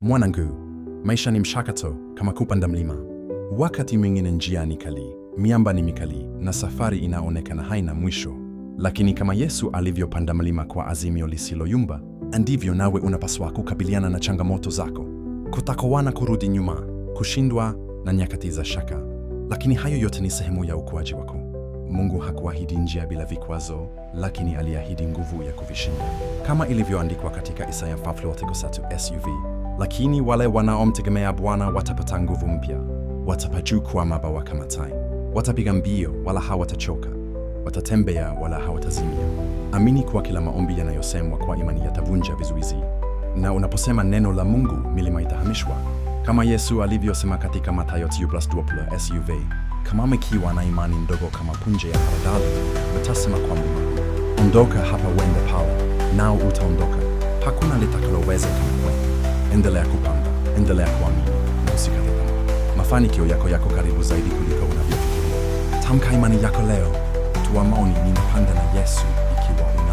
Mwanangu, maisha ni mshakato kama kupanda mlima. Wakati mwingine njia ni kali, miamba ni mikali, na safari inaonekana haina mwisho. Lakini kama Yesu alivyopanda mlima kwa azimio lisiloyumba, ndivyo nawe unapaswa kukabiliana na changamoto zako, kutakowana, kurudi nyuma, kushindwa na nyakati za shaka. Lakini hayo yote ni sehemu ya ukuaji wako. Mungu hakuahidi njia bila vikwazo, lakini aliahidi nguvu ya kuvishinda, kama ilivyoandikwa katika Isaya 43:3 SUV lakini wale wanaomtegemea Bwana watapata nguvu mpya, watapachukua mabawa kama tai, watapiga mbio wala hawatachoka, watatembea wala hawatazimia. Amini kuwa kila maombi yanayosemwa kwa imani yatavunja vizuizi, na unaposema neno la Mungu, milima itahamishwa, kama Yesu alivyosema katika Mathayo SUV. Kama mkiwa na imani ndogo kama punje ya haradali, utasema kwa Mungu, ondoka hapa, uende pale, nao utaondoka. Hakuna kama endelea kupanda, endelea kuamini na usikaribu. tamaa. Mafanikio yako yako karibu zaidi kuliko unavyofikiria. Tamka imani yako leo, toa maoni, ninapanda na Yesu ikiwa